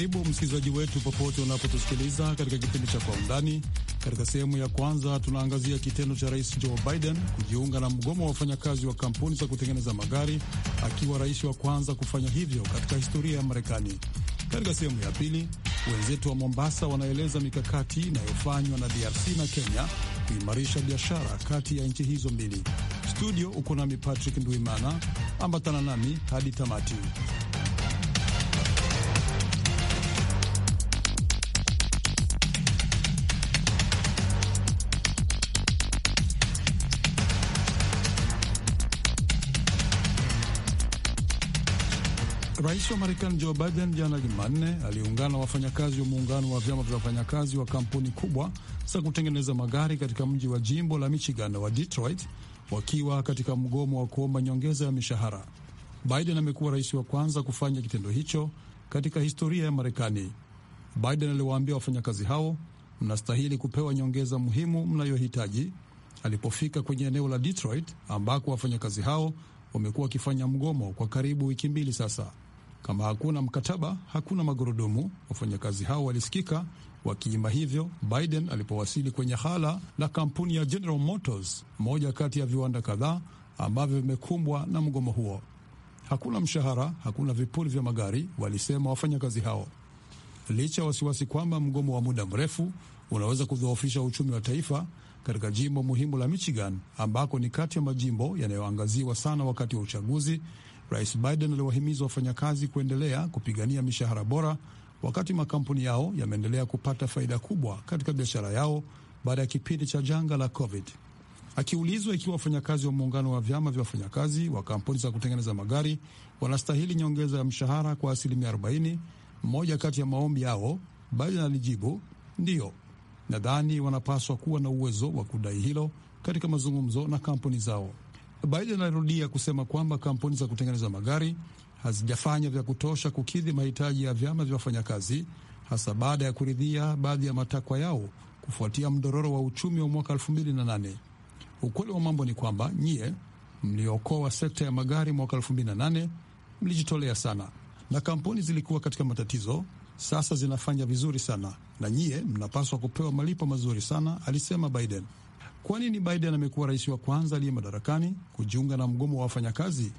Karibu msikilizaji wetu popote unapotusikiliza katika kipindi cha Kwa Undani. Katika sehemu ya kwanza, tunaangazia kitendo cha Rais Joe Biden kujiunga na mgomo wa wafanyakazi wa kampuni za kutengeneza magari, akiwa rais wa kwanza kufanya hivyo katika historia ya Marekani. Katika sehemu ya pili, wenzetu wa Mombasa wanaeleza mikakati inayofanywa na DRC na Kenya kuimarisha biashara kati ya nchi hizo mbili. Studio uko nami Patrick nduimana ambatana nami hadi tamati. Rais wa Marekani Joe Biden jana Jumanne aliungana na wafanyakazi wa muungano wa vyama vya wafanyakazi wa kampuni kubwa za kutengeneza magari katika mji wa jimbo la Michigan wa Detroit, wakiwa katika mgomo wa kuomba nyongeza ya mishahara. Biden amekuwa rais wa kwanza kufanya kitendo hicho katika historia ya Marekani. Biden aliwaambia wafanyakazi hao, mnastahili kupewa nyongeza muhimu mnayohitaji, alipofika kwenye eneo la Detroit ambako wafanyakazi hao wamekuwa wakifanya mgomo kwa karibu wiki mbili sasa. Kama hakuna mkataba, hakuna magurudumu. Wafanyakazi hao walisikika wakiimba hivyo Biden alipowasili kwenye hala la kampuni ya General Motors, moja kati ya viwanda kadhaa ambavyo vimekumbwa na mgomo huo. Hakuna mshahara, hakuna vipuli vya magari, walisema wafanyakazi hao, licha ya wasiwasi kwamba mgomo wa muda mrefu unaweza kudhoofisha uchumi wa taifa. Katika jimbo muhimu la Michigan, ambako ni kati ya majimbo yanayoangaziwa sana wakati wa uchaguzi, Rais Biden aliwahimiza wafanyakazi kuendelea kupigania mishahara bora, wakati makampuni yao yameendelea kupata faida kubwa katika biashara yao baada ya kipindi cha janga la COVID. Akiulizwa ikiwa wafanyakazi wa muungano wa vyama vya wafanyakazi wa kampuni za kutengeneza magari wanastahili nyongeza ya mshahara kwa asilimia 40, mmoja kati ya maombi yao, Biden alijibu ndiyo, nadhani wanapaswa kuwa na uwezo wa kudai hilo katika mazungumzo na kampuni zao. Biden alirudia kusema kwamba kampuni za kutengeneza magari hazijafanya vya kutosha kukidhi mahitaji ya vyama vya wafanyakazi, hasa baada ya kuridhia baadhi ya matakwa yao kufuatia mdororo wa uchumi wa mwaka 2008. Ukweli wa mambo ni kwamba nyie mliokoa sekta ya magari mwaka 2008 mlijitolea sana, na kampuni zilikuwa katika matatizo. Sasa zinafanya vizuri sana, na nyie mnapaswa kupewa malipo mazuri sana, alisema Biden. Kwa nini Biden amekuwa rais wa kwanza aliye madarakani kujiunga na mgomo wa wafanyakazi?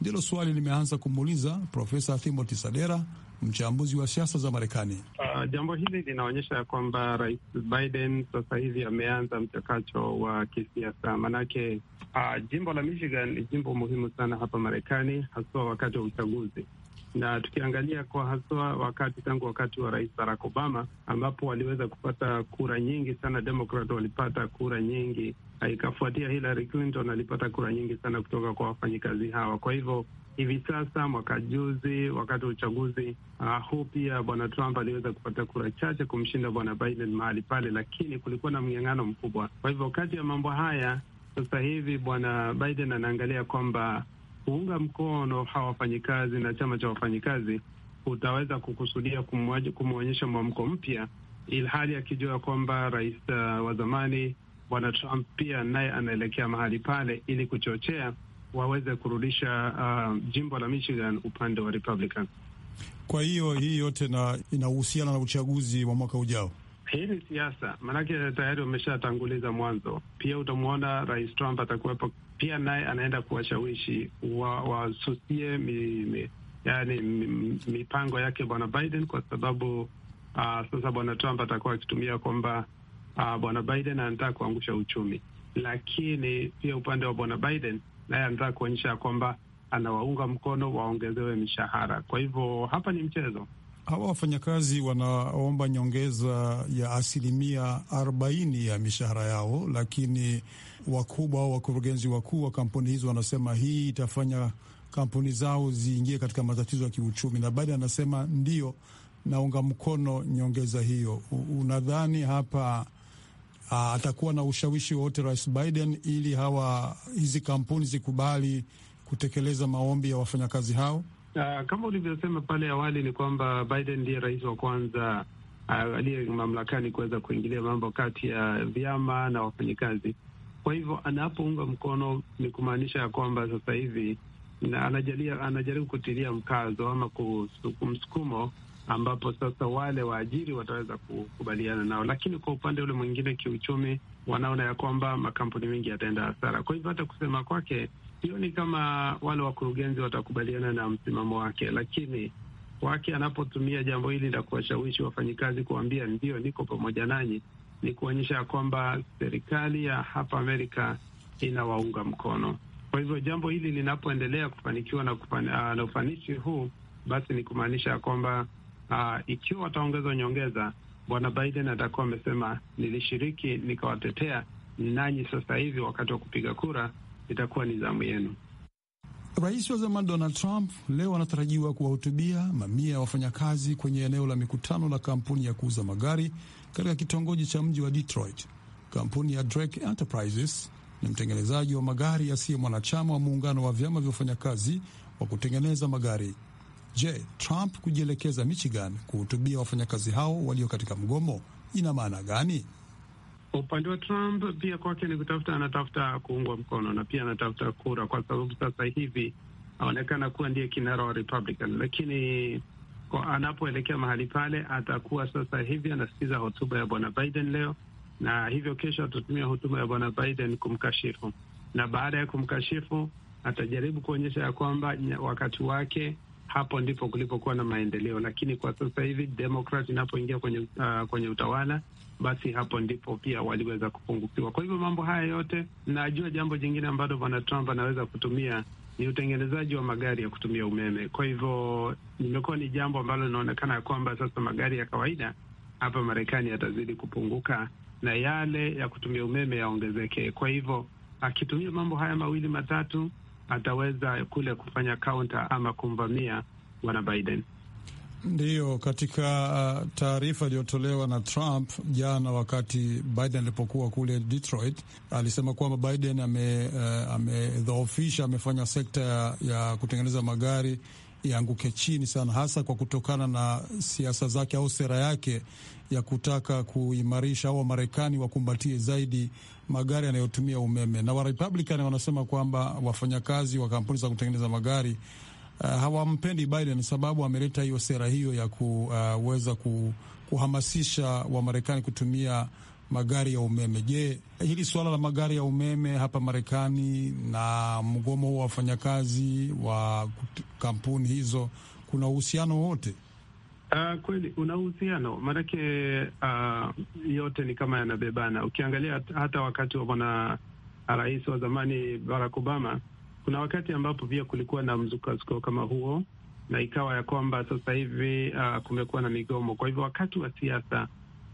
Ndilo swali limeanza kumuuliza Profesa Timothy Sadera, mchambuzi wa siasa za Marekani. Uh, jambo hili linaonyesha ya kwamba rais Biden sasa hivi ameanza mchakato wa kisiasa manake, uh, jimbo la Michigan ni jimbo muhimu sana hapa Marekani, haswa wakati wa uchaguzi na tukiangalia kwa haswa wakati tangu wakati wa Rais Barack Obama ambapo waliweza kupata kura nyingi sana, Demokrat walipata kura nyingi, ikafuatia Hillary Clinton alipata kura nyingi sana kutoka kwa wafanyikazi hawa. Kwa hivyo hivi sasa mwaka juzi, wakati wa uchaguzi uh, huu pia bwana Trump aliweza kupata kura chache kumshinda bwana Biden mahali pale, lakini kulikuwa na mng'ang'ano mkubwa. Kwa hivyo kati ya mambo haya sasa hivi bwana Biden anaangalia kwamba kuunga mkono hawa wafanyikazi na chama cha wafanyikazi, utaweza kukusudia kumwonyesha mwamko mpya, ilhali akijua kwamba rais uh, wa zamani bwana Trump pia naye anaelekea mahali pale, ili kuchochea waweze kurudisha uh, jimbo la Michigan upande wa Republican. Kwa hiyo hii yote na inahusiana na uchaguzi wa mwaka ujao. Hii ni siasa, maanake tayari wameshatanguliza mwanzo. Pia utamwona rais Trump atakuwepo pia naye anaenda kuwashawishi wasusie wa mi, mi, yani, mipango yake bwana Biden kwa sababu uh, sasa bwana Trump atakuwa akitumia kwamba uh, bwana Biden anataka kuangusha uchumi, lakini pia upande wa bwana Biden naye anataka kuonyesha kwamba anawaunga mkono waongezewe mishahara. Kwa hivyo hapa ni mchezo hawa wafanyakazi wanaomba nyongeza ya asilimia 40 ya mishahara yao, lakini wakubwa au wakurugenzi wakuu wa kampuni hizo wanasema hii itafanya kampuni zao ziingie katika matatizo ya kiuchumi, na baada anasema ndio, naunga mkono nyongeza hiyo. Unadhani hapa a, atakuwa na ushawishi wowote Rais Biden ili hawa hizi kampuni zikubali kutekeleza maombi ya wafanyakazi hao? Uh, kama ulivyosema pale awali ni kwamba Biden ndiye rais wa kwanza uh, aliye mamlakani kuweza kuingilia mambo kati ya vyama na wafanyikazi. Kwa hivyo anapounga mkono ni kumaanisha ya kwamba sasa hivi na anajalia, anajaribu kutilia mkazo ama kumsukumo ambapo sasa wale waajiri wataweza kukubaliana nao, lakini kwa upande ule mwingine kiuchumi, wanaona ya kwamba makampuni mengi yataenda hasara. Kwa hivyo hata kusema kwake Sioni kama wale wakurugenzi watakubaliana na msimamo wake, lakini wake anapotumia jambo hili la kuwashawishi wafanyikazi kuambia ndio, niko pamoja nanyi, ni kuonyesha ya kwamba serikali ya hapa Amerika inawaunga mkono. Kwa hivyo jambo hili linapoendelea kufanikiwa na, kufani, ah, na ufanisi huu, basi ni kumaanisha ya kwamba uh, ikiwa wataongeza nyongeza, bwana Biden atakuwa amesema nilishiriki nikawatetea nanyi, sasa hivi wakati wa kupiga kura itakuwa ni zamu yenu. Rais wa zamani Donald Trump leo anatarajiwa kuwahutubia mamia ya wafanyakazi kwenye eneo la mikutano la kampuni ya kuuza magari katika kitongoji cha mji wa Detroit. Kampuni ya Drake Enterprises ni mtengenezaji wa magari asiye mwanachama wa muungano wa vyama vya wafanyakazi wa kutengeneza magari. Je, Trump kujielekeza Michigan kuhutubia wafanyakazi hao walio katika mgomo ina maana gani? Kwa upande wa Trump pia kwake ni kutafuta, anatafuta kuungwa mkono na pia anatafuta kura, kwa sababu sasa hivi aonekana kuwa ndiye kinara wa Republican, lakini anapoelekea mahali pale atakuwa sasa hivi anasikiza hotuba ya bwana Biden leo, na hivyo kesho atatumia hotuba ya bwana Biden kumkashifu, na baada ya kumkashifu atajaribu kuonyesha ya kwamba wakati wake hapo ndipo kulipokuwa na maendeleo, lakini kwa sasa hivi demokrat inapoingia kwenye, uh, kwenye utawala basi hapo ndipo pia waliweza kupungukiwa. Kwa hivyo mambo haya yote, najua jambo jingine ambalo bwana Trump anaweza kutumia ni utengenezaji wa magari ya kutumia umeme. Kwa hivyo limekuwa ni jambo ambalo linaonekana ya kwamba sasa magari ya kawaida hapa Marekani yatazidi kupunguka na yale ya kutumia umeme yaongezeke. Kwa hivyo akitumia mambo haya mawili matatu, ataweza kule kufanya kaunta ama kumvamia bwana Biden. Ndiyo, katika uh, taarifa iliyotolewa na Trump jana wakati Biden alipokuwa kule Detroit, alisema kwamba Biden uh, amedhoofisha, ame, amefanya sekta ya, ya kutengeneza magari ianguke chini sana, hasa kwa kutokana na siasa zake au sera yake ya kutaka kuimarisha au Wamarekani wakumbatie zaidi magari yanayotumia umeme, na Warepublican wanasema kwamba wafanyakazi wa kampuni za kutengeneza magari uh, hawampendi Biden sababu ameleta hiyo sera hiyo ya kuweza uh, ku, kuhamasisha Wamarekani kutumia magari ya umeme. Je, hili suala la magari ya umeme hapa Marekani na mgomo huo wa wafanyakazi wa kampuni hizo kuna uhusiano wowote? Uh, kweli una uhusiano maanake, uh, yote ni kama yanabebana. Ukiangalia hata wakati wa bwana uh, rais wa zamani Barack Obama kuna wakati ambapo pia kulikuwa na mzukasuko kama huo, na ikawa ya kwamba sasa hivi uh, kumekuwa na migomo. Kwa hivyo wakati wa siasa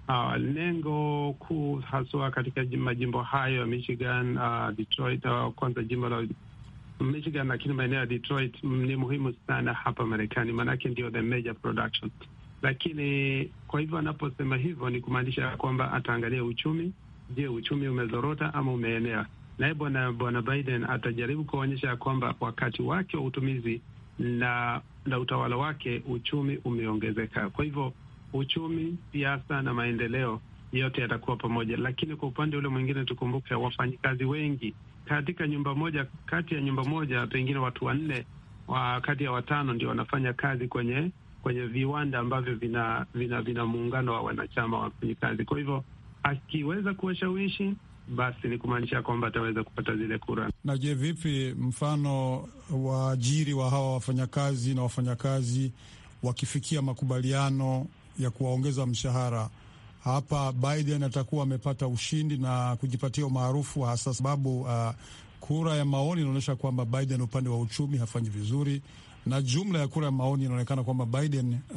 uh, lengo kuu haswa katika majimbo hayo ya Michigan, uh, Detroit, uh, kwanza jimbo la Michigan lakini maeneo ya Detroit mm, ni muhimu sana hapa Marekani, maanake ndio the major production. Lakini kwa hivyo anaposema hivyo ni kumaanisha ya kwamba ataangalia uchumi. Je, uchumi umezorota ama umeenea? naye bwana bwana Biden atajaribu kuonyesha ya kwamba wakati wake wa utumizi na na utawala wake uchumi umeongezeka. Kwa hivyo uchumi, siasa na maendeleo yote yatakuwa pamoja, lakini kwa upande ule mwingine tukumbuke, wafanyikazi wengi katika nyumba moja, kati ya nyumba moja pengine watu wanne wa kati ya watano ndio wanafanya kazi kwenye kwenye viwanda ambavyo vina vina, vina muungano wa wanachama wa wafanyikazi. Kwa hivyo akiweza kuwashawishi basi ni kumaanisha kwamba ataweza kupata zile kura. Na je, vipi mfano waajiri wa hawa wafanyakazi na wafanyakazi wakifikia makubaliano ya kuwaongeza mshahara hapa, Biden atakuwa amepata ushindi na kujipatia umaarufu, hasa sababu uh, kura ya maoni inaonyesha kwamba Biden upande wa uchumi hafanyi vizuri, na jumla ya kura ya maoni inaonekana kwamba Biden uh,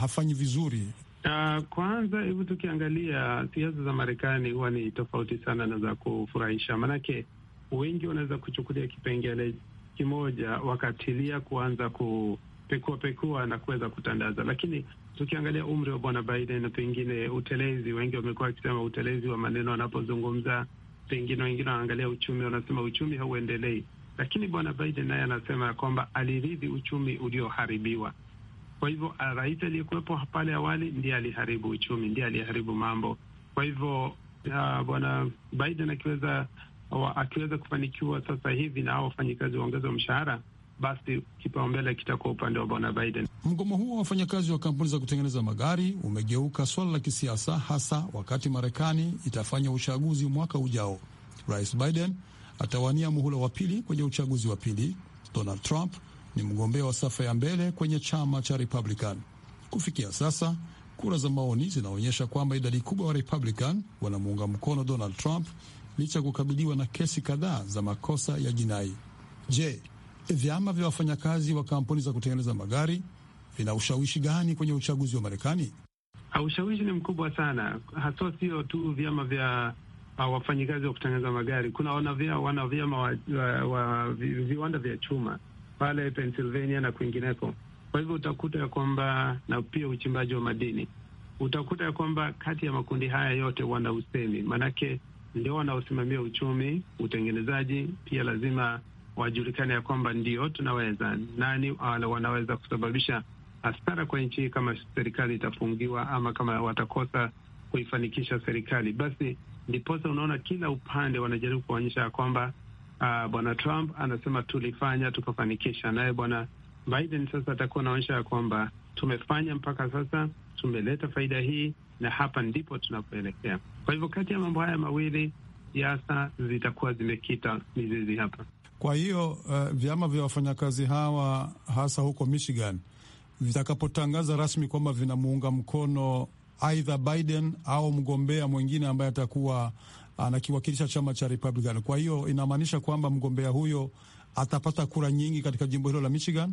hafanyi vizuri Uh, kwanza hivi tukiangalia siasa za Marekani huwa ni tofauti sana na za kufurahisha, maanake wengi wanaweza kuchukulia kipengele kimoja wakatilia kuanza kupekuapekua na kuweza kutandaza, lakini tukiangalia umri wa bwana Biden na pengine utelezi, wengi wamekuwa wakisema utelezi wa maneno anapozungumza pengine wengine wanaangalia uchumi, wanasema uchumi hauendelei, lakini bwana Biden naye anasema ya kwamba aliridhi uchumi ulioharibiwa kwa hivyo uh, rais aliyekuwepo pale awali ndiye aliharibu uchumi, ndiye aliharibu mambo. Kwa hivyo uh, bwana Biden akiweza akiweza kufanikiwa sasa hivi na hao wafanyikazi waongezwa mshahara, basi kipaumbele kitakuwa upande wa bwana Biden. Mgomo huo wa wafanyakazi wa kampuni za kutengeneza magari umegeuka swala la kisiasa, hasa wakati Marekani itafanya uchaguzi mwaka ujao. Rais Biden atawania muhula wa pili kwenye uchaguzi wa pili. Donald Trump ni mgombea wa safa ya mbele kwenye chama cha Republican. Kufikia sasa kura za maoni zinaonyesha kwamba idadi kubwa wa Republican wanamuunga mkono Donald Trump licha ya kukabiliwa na kesi kadhaa za makosa ya jinai. Je, vyama vya wafanyakazi wa kampuni za kutengeneza magari vina ushawishi gani kwenye uchaguzi wa Marekani? Ushawishi ni mkubwa sana, haswa sio tu vyama vya uh, wafanyikazi wa kutengeneza magari. Kuna wanavyama wa, wa, wa, wa viwanda vya chuma pale Pennsylvania na kwingineko. Kwa hivyo utakuta ya kwamba na pia uchimbaji wa madini, utakuta ya kwamba kati ya makundi haya yote wana usemi, maanake ndio wanaosimamia uchumi, utengenezaji. Pia lazima wajulikane ya kwamba ndio tunaweza, nani wanaweza kusababisha hasara kwa nchi kama serikali itafungiwa ama kama watakosa kuifanikisha serikali. Basi ndiposa unaona kila upande wanajaribu kuonyesha ya kwamba uh, bwana Trump anasema tulifanya tukafanikisha, naye bwana Biden sasa atakuwa anaonyesha ya kwamba tumefanya mpaka sasa, tumeleta faida hii na hapa ndipo tunapoelekea. Kwa hivyo kati ya mambo haya mawili siasa zitakuwa zimekita mizizi hapa. Kwa hiyo uh, vyama vya wafanyakazi hawa hasa huko Michigan vitakapotangaza rasmi kwamba vinamuunga mkono aidha Biden au mgombea mwingine ambaye atakuwa anakiwakilisha ah, chama cha Republican. Kwa hiyo inamaanisha kwamba mgombea huyo atapata kura nyingi katika jimbo hilo la Michigan.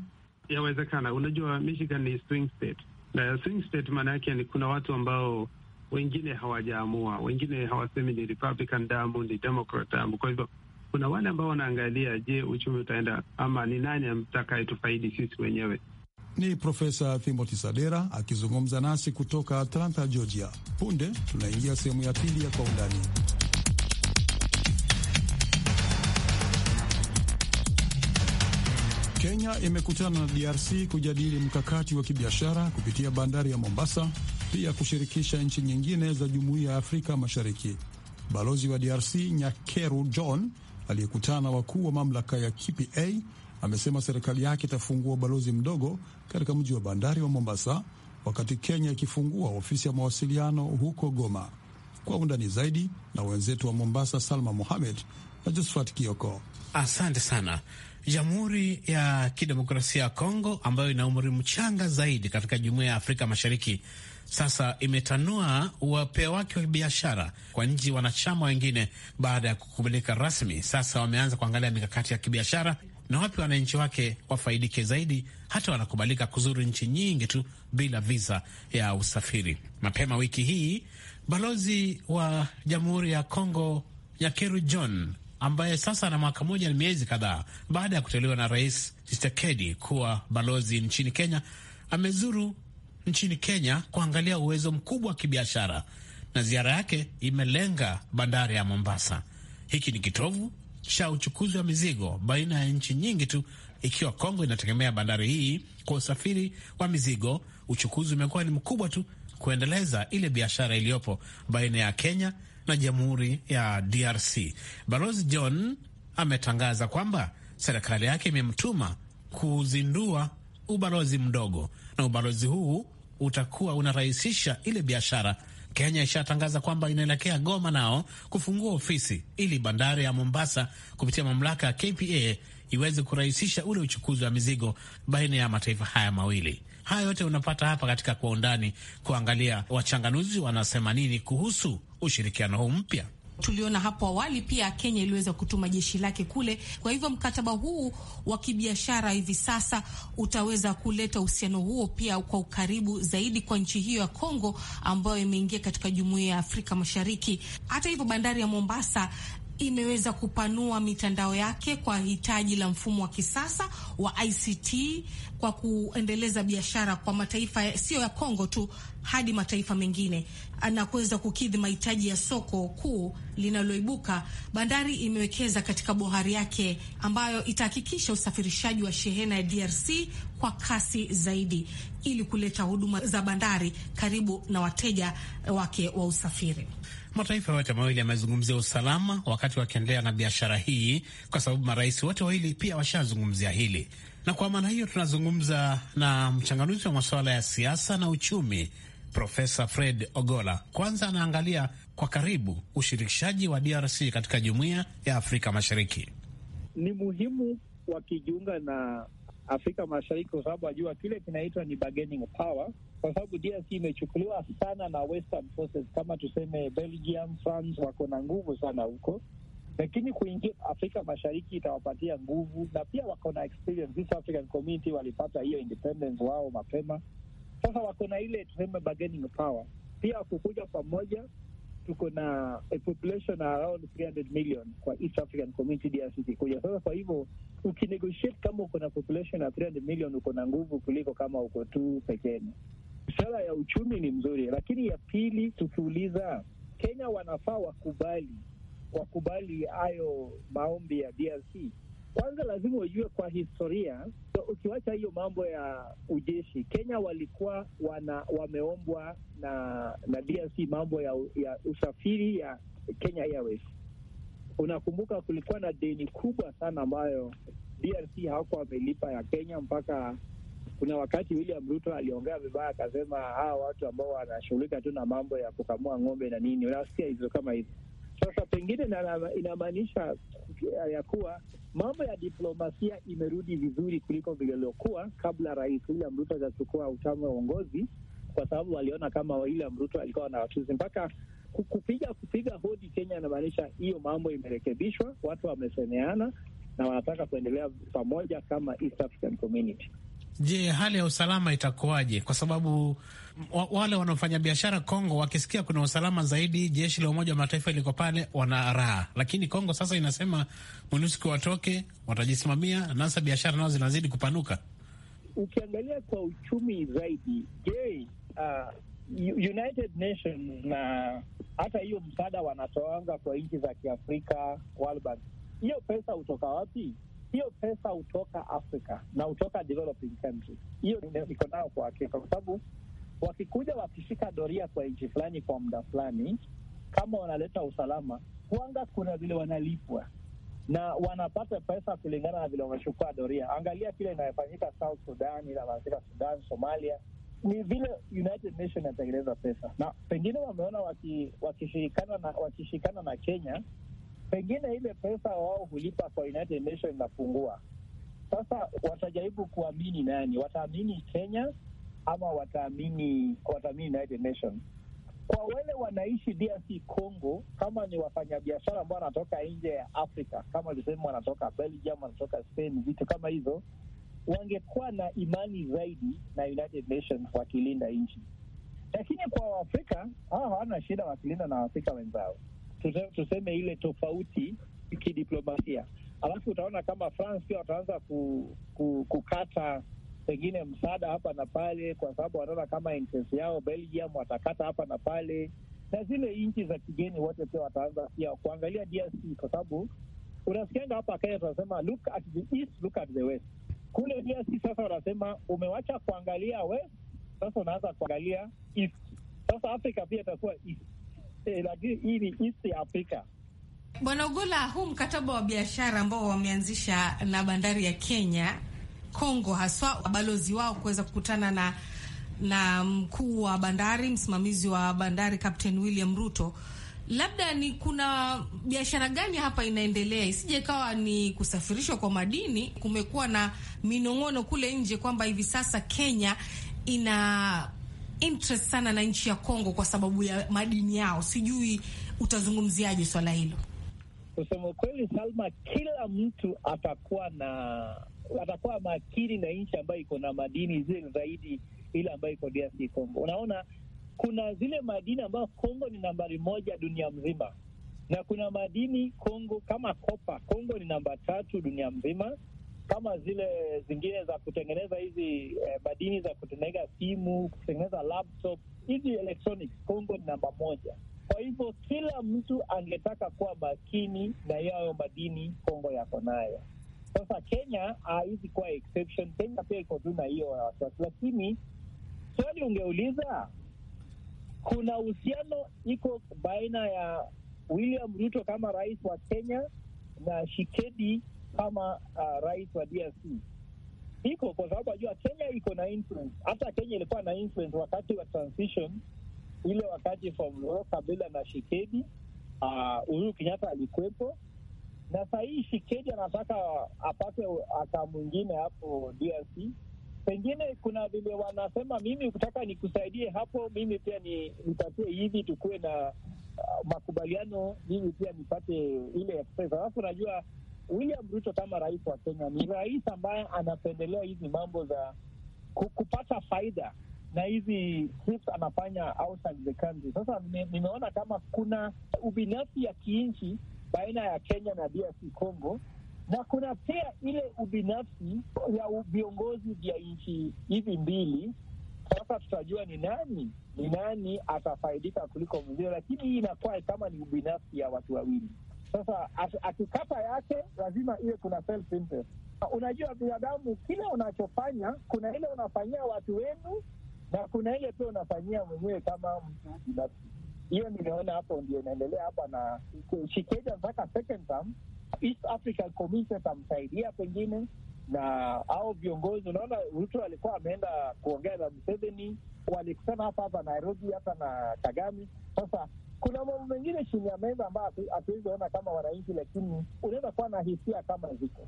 Yawezekana. Unajua, Michigan ni swing state, na swing state maana yake ni kuna watu ambao wengine hawajaamua, wengine hawasemi ni Republican damu, ni Democrat damu. Kwa hivyo kuna wale ambao wanaangalia, je, uchumi utaenda ama ni nani amtakayetufaidi sisi wenyewe? Ni Profesa Timothy Sadera akizungumza nasi kutoka Atlanta, Georgia. Punde tunaingia sehemu ya pili ya Kwa Undani. Kenya imekutana na DRC kujadili mkakati wa kibiashara kupitia bandari ya Mombasa, pia kushirikisha nchi nyingine za jumuiya ya Afrika Mashariki. Balozi wa DRC Nyakeru John aliyekutana wakuu wa mamlaka ya KPA amesema serikali yake itafungua ubalozi mdogo katika mji wa bandari wa Mombasa, wakati Kenya ikifungua ofisi ya mawasiliano huko Goma. Kwa undani zaidi na wenzetu wa Mombasa, Salma Mohamed na Josphat Kioko. Asante sana. Jamhuri ya Kidemokrasia ya Kongo ambayo ina umri mchanga zaidi katika Jumuiya ya Afrika Mashariki sasa imetanua uwapeo wake wa biashara kwa nchi wanachama wengine baada ya kukubalika rasmi. Sasa wameanza kuangalia mikakati ya kibiashara na wapi wananchi wake wafaidike zaidi, hata wanakubalika kuzuru nchi nyingi tu bila visa ya usafiri. Mapema wiki hii balozi wa Jamhuri ya Kongo Nyakeru John ambaye sasa ana mwaka moja na miezi kadhaa baada ya kuteuliwa na Rais Tshisekedi kuwa balozi nchini Kenya, amezuru nchini Kenya kuangalia uwezo mkubwa wa kibiashara, na ziara yake imelenga bandari ya Mombasa. Hiki ni kitovu cha uchukuzi wa mizigo baina ya nchi nyingi tu, ikiwa Kongo inategemea bandari hii kwa usafiri wa mizigo. Uchukuzi umekuwa ni mkubwa tu kuendeleza ile biashara iliyopo baina ya Kenya na Jamhuri ya DRC. Balozi John ametangaza kwamba serikali yake imemtuma kuzindua ubalozi mdogo, na ubalozi huu utakuwa unarahisisha ile biashara. Kenya ishatangaza kwamba inaelekea Goma nao kufungua ofisi ili bandari ya Mombasa kupitia mamlaka ya KPA iweze kurahisisha ule uchukuzi wa mizigo baina ya mataifa haya mawili. Haya yote unapata hapa katika Kwa Undani, kuangalia wachanganuzi wanasema nini kuhusu ushirikiano huu mpya. Tuliona hapo awali pia Kenya iliweza kutuma jeshi lake kule. Kwa hivyo mkataba huu wa kibiashara hivi sasa utaweza kuleta uhusiano huo pia kwa ukaribu zaidi kwa nchi hiyo ya Kongo ambayo imeingia katika jumuiya ya Afrika Mashariki. Hata hivyo, bandari ya Mombasa imeweza kupanua mitandao yake kwa hitaji la mfumo wa kisasa wa ICT kwa kuendeleza biashara kwa mataifa siyo ya Kongo tu hadi mataifa mengine na kuweza kukidhi mahitaji ya soko kuu linaloibuka. Bandari imewekeza katika bohari yake ambayo itahakikisha usafirishaji wa shehena ya DRC kwa kasi zaidi ili kuleta huduma za bandari karibu na wateja wake wa usafiri. Mataifa yote mawili yamezungumzia usalama wakati wakiendelea na biashara hii, kwa sababu marais wote wawili pia washazungumzia hili, na kwa maana hiyo tunazungumza na mchanganuzi wa masuala ya siasa na uchumi Profesa Fred Ogola. Kwanza anaangalia kwa karibu ushirikishaji wa DRC katika jumuiya ya Afrika Mashariki. Ni muhimu wakijiunga na Afrika Mashariki kwa sababu wajua kile kinaitwa ni bargaining power kwa sababu DRC imechukuliwa sana na western forces, kama tuseme Belgium, France wako na nguvu sana huko, lakini kuingia Afrika Mashariki itawapatia nguvu, na pia wako na experience. East African Community walipata hiyo independence wao mapema, sasa wako na ile tuseme bargaining power. Pia kukuja pamoja, tuko na a population around 300 million kwa East African Community DRC kikuja sasa. Kwa hivyo ukinegotiate, kama uko na population ya 300 million, uko na nguvu kuliko kama uko tu pekeni sera ya uchumi ni mzuri, lakini ya pili, tukiuliza Kenya wanafaa wakubali wakubali hayo maombi ya DRC. Kwanza lazima ujue kwa historia so, ukiwacha hiyo mambo ya ujeshi, Kenya walikuwa wana, wameombwa na na DRC mambo ya, ya usafiri ya Kenya Airways. Unakumbuka kulikuwa na deni kubwa sana ambayo DRC hawakuwa wamelipa ya Kenya mpaka kuna wakati William Ruto aliongea vibaya, akasema hawa watu ambao wanashughulika tu na mambo ya kukamua ng'ombe na nini, unasikia hizo kama hizo. Sasa pengine inamaanisha ya kuwa mambo ya diplomasia imerudi vizuri kuliko vile iliokuwa kabla Rais William Ruto hajachukua utamu wa uongozi, kwa sababu waliona kama William Ruto alikuwa na watuzi mpaka kupiga kupiga hodi Kenya. Inamaanisha hiyo mambo imerekebishwa, watu wamesemeana na wanataka kuendelea pamoja kama East African Community. Je, hali ya usalama itakuwaje? Kwa sababu wale wanaofanya biashara Kongo wakisikia kuna usalama zaidi, jeshi la Umoja wa Mataifa iliko pale, wana raha. Lakini Kongo sasa inasema MONUSCO watoke, watajisimamia, nasa biashara nao zinazidi kupanuka. Ukiangalia kwa uchumi zaidi, je, uh, United Nations na hata hiyo msaada wanatoanga kwa nchi za Kiafrika, World Bank, hiyo pesa hutoka wapi? hiyo pesa hutoka Afrika na hutoka developing countries. Hiyo iko nao kwa hakika, kwa sababu wakikuja wakishika doria kwa nchi fulani kwa muda fulani, kama wanaleta usalama, kwanza kuna vile wanalipwa na wanapata pesa kulingana na vile wamechukua doria. Angalia kile inayofanyika South Sudan, inafanyika Sudan, Somalia, ni vile United Nations inatengeneza pesa, na pengine wameona wakishirikana waki na, waki na Kenya pengine ile pesa wao hulipa kwa United Nations inapungua. Sasa watajaribu kuamini nani? Wataamini Kenya ama wataamini wataamini United Nations? Kwa wale wanaishi DRC Congo, kama ni wafanyabiashara ambao wanatoka nje ya Afrika, kama lisema wanatoka Belgium, wanatoka Spain, vitu kama hizo, wangekuwa na imani zaidi na United Nations wakilinda nchi. Lakini kwa Waafrika hawa hawana shida wakilinda na Waafrika wenzao tuseme ile tofauti kidiplomasia. Alafu utaona kama France pia wataanza ku, ku, kukata pengine msaada hapa na pale, kwa sababu wanaona kama interest yao Belgium watakata hapa na pale, na zile nchi za kigeni wote pia wataanza pia kuangalia DRC, kwa sababu unasikianga hapa Kenya tunasema look at the east, look at the west. Kule DRC sasa wanasema umewacha kuangalia west, sasa unaanza kuangalia east. Sasa Afrika pia itakuwa east Eh, ili East Africa. Bwana Ugula, huu mkataba wa biashara ambao wameanzisha na bandari ya Kenya Kongo, haswa wabalozi wao kuweza kukutana na na mkuu wa bandari, msimamizi wa bandari Captain William Ruto, labda ni kuna biashara gani hapa inaendelea, isije ikawa ni kusafirishwa kwa madini. Kumekuwa na minong'ono kule nje kwamba hivi sasa Kenya ina interest sana na nchi ya Kongo kwa sababu ya madini yao. Sijui utazungumziaje swala hilo? Kusema kweli, Salma, kila mtu atakuwa na atakuwa makini na nchi ambayo iko na madini zile zaidi ile ambayo iko DRC Kongo. Unaona, kuna zile madini ambayo kongo ni nambari moja dunia mzima, na kuna madini kongo kama kopa, kongo ni namba tatu dunia mzima, kama zile zingine za kutengeneza hizi eh, madini za kutengeneza simu, kutengeneza laptop, hizi electronics. Kongo ni namba moja. Kwa hivyo kila mtu angetaka kuwa makini na ayo madini Kongo yako nayo. Sasa Kenya haizi ah, kuwa exception. Kenya pia iko tu na hiyo wasiwasi, lakini swali ungeuliza, kuna uhusiano iko baina ya William Ruto kama rais wa Kenya na Shikedi kama uh, rais wa DRC iko kwa sababu ajua Kenya iko na influence. Hata Kenya ilikuwa na influence wakati wa transition ile, wakati from Kabila na Shikedi uh, Uhuru uh, Kenyatta alikuwepo, na sahii Shikedi anataka apate aka mwingine hapo DRC. Pengine kuna vile wanasema, mimi ukitaka nikusaidie hapo, mimi pia ni nipatie hivi, tukuwe na uh, makubaliano, mimi pia nipate ile. Alafu unajua William Ruto kama rais wa Kenya ni rais ambaye anapendelea hizi mambo za kupata faida na hizi anafanya outside the country. Sasa nimeona kama kuna ubinafsi ya kiinchi baina ya Kenya na DRC Congo, na kuna pia ile ubinafsi ya viongozi vya nchi hivi mbili. Sasa tutajua ni nani ni nani atafaidika kuliko mwingine, lakini hii inakuwa kama ni ubinafsi ya watu wawili. Sasa akikata yake lazima iwe kuna self interest. Unajua binadamu, kile unachofanya kuna ile unafanyia watu wenu na kuna ile pia unafanyia mwenyewe kama mtu binafsi. Hiyo nimeona hapo ndio inaendelea hapa, na Shikeja mpaka second term East atamsaidia pengine, na au viongozi. Unaona Ruto alikuwa ameenda kuongea na Museveni walikutana hapa hapa Nairobi, hata na kagami Sasa kuna mambo mengine chini ya meza ambayo hatuwezi kama wananchi, lakini unaweza kuwa na hisia kama ziko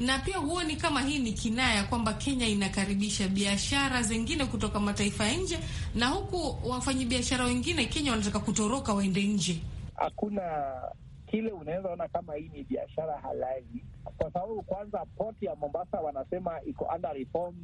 na pia huoni kama hii ni kinaya kwamba Kenya inakaribisha biashara zingine kutoka mataifa ya nje, na huku wafanyabiashara wengine Kenya wanataka kutoroka waende nje. Hakuna kile unaweza ona kama hii ni biashara halali, kwa sababu kwanza poti ya Mombasa wanasema iko under reform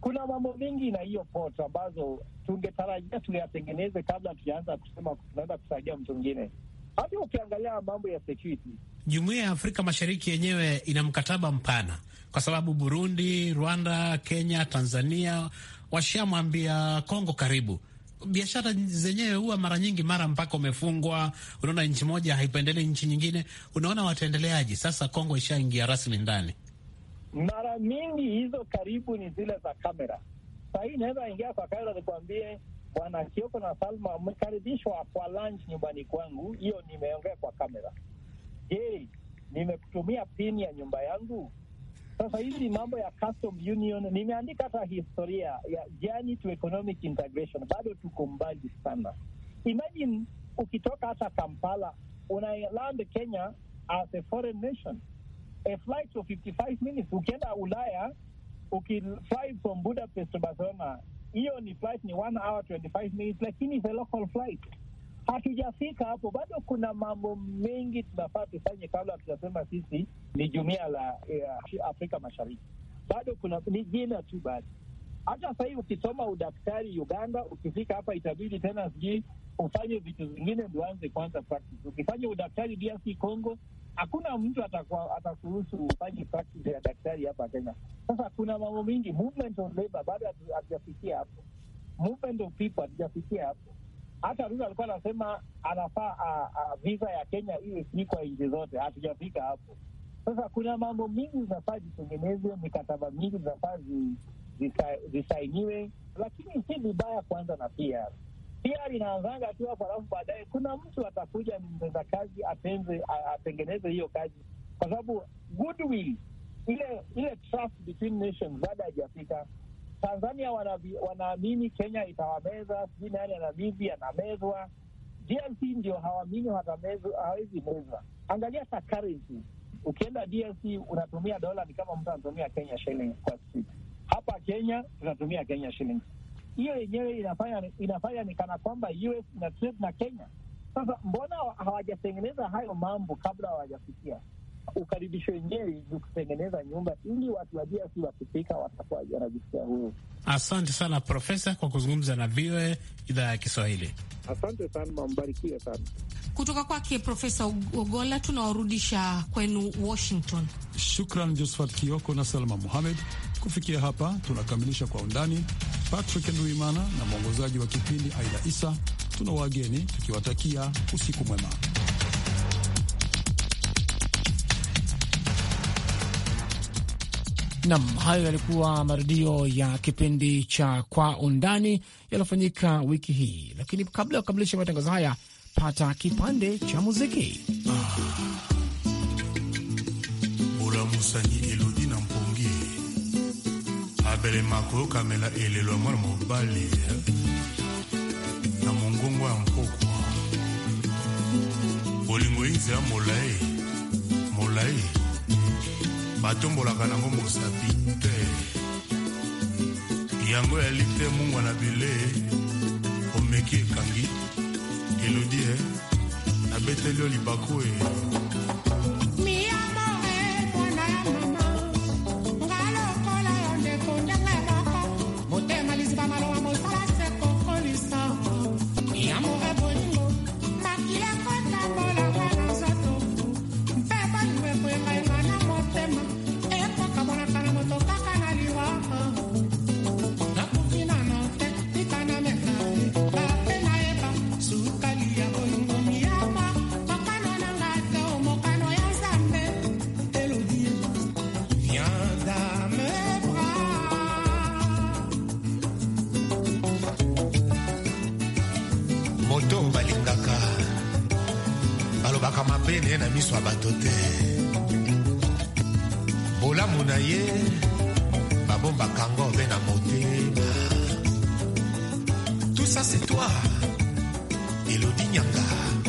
kuna mambo mengi na hiyo poto ambazo tungetarajia tuyatengeneze kabla tujaanza kusema tunaweza kusaidia mtu mwingine. Hata ukiangalia mambo ya security, jumuiya ya Afrika Mashariki yenyewe ina mkataba mpana, kwa sababu Burundi, Rwanda, Kenya, Tanzania washamwambia Kongo karibu biashara zenyewe huwa mara nyingi mara mpaka umefungwa. Unaona nchi moja haipendelei nchi nyingine, unaona wataendeleaje? Sasa Kongo ishaingia rasmi ndani. Mara mingi hizo karibu ni zile za kamera. Sahii inaweza ingia kwa kamera nikuambie, bwana Kioko na Salma mmekaribishwa kwa lunch nyumbani kwangu. Hiyo nimeongea kwa kamera. Je, nimekutumia pini ya nyumba yangu? Sasa hizi mambo ya custom union nimeandika hata historia ya journey to economic integration, bado tuko mbali sana. Imagine ukitoka hata Kampala unaland Kenya as a foreign nation a flight 55 minutes. Ukienda Ulaya ukifly from Budapest to Barcelona, hiyo ni flight ni 1 hour 25 minutes, lakini is a local flight. Hatujafika hapo bado, kuna mambo mengi tunafaa tufanye kabla tunasema sisi ni jumia la uh, Afrika Mashariki. Bado kuna ni jina tu bado. Hata sahii ukisoma udaktari Uganda, ukifika hapa itabidi tena sijui ufanye vitu vingine, ndio kwanza practice. Ukifanya udaktari DRC Congo hakuna mtu atakuwa atakuruhusu ufanye practice ya daktari hapa Kenya. Sasa kuna mambo mingi, movement of labor bado hatujafikia hapo, movement of people hatujafikia hapo. Hata Ruto alikuwa anasema anafaa visa ya Kenya iwe si kwa nchi zote, hatujafika hapo. Sasa kuna mambo mingi zinafaa zitengenezwe, mikataba mingi zinafaa zisainiwe, lakini si vibaya kwanza na pia pia linaanzanga tu hapo, alafu baadaye kuna mtu atakuja mweza kazi apenze atengeneze hiyo kazi, kwa sababu goodwill ile ile trust between nations bado haijafika. Tanzania wanaamini Kenya itawameza, sijui nani anabidi anamezwa. DRC ndio hawaamini hawezi mezwa. Angalia hata currency, ukienda DRC unatumia dola, ni kama mtu anatumia Kenya shilling kwa siku. Hapa Kenya tunatumia Kenya shilling hiyo yenyewe inafanya inafanya ni kana kwamba US ina trade na Kenya. Sasa mbona hawajatengeneza hayo mambo kabla hawajafikia? Ukaribisho wenyewe ni kutengeneza nyumba ili watu wa DRC wakifika watakuwa wanajisikia huru. Asante sana Profesa kwa kuzungumza na VOA idhaa ya Kiswahili. Asante sana, mbarikiwe sana. Kutoka kwake Profesa Ogola tunawarudisha kwenu Washington. Shukran Josephat Kioko na Salma Muhamed. Kufikia hapa tunakamilisha kwa undani. Patrick Nduimana na mwongozaji wa kipindi Aida Isa tuna wageni tukiwatakia usiku mwema. Nam, hayo yalikuwa marudio ya kipindi cha Kwa Undani yaliyofanyika wiki hii, lakini kabla ya kukamilisha matangazo haya, pata kipande cha muziki ah. nabelema koyokamela elelo ya mwana mobali na mongongo ya mpoko bolingo ye nzela molai molai batombolaka nango mosapi te yango yali te mungwa na bile omeki ekangi elodie nabeteli yo libaku e moto balingaka balobaka mapene na miso ya bato te bolamu na ye babombaka ngo mpe na motema tout ça c'est toi elodi nyanga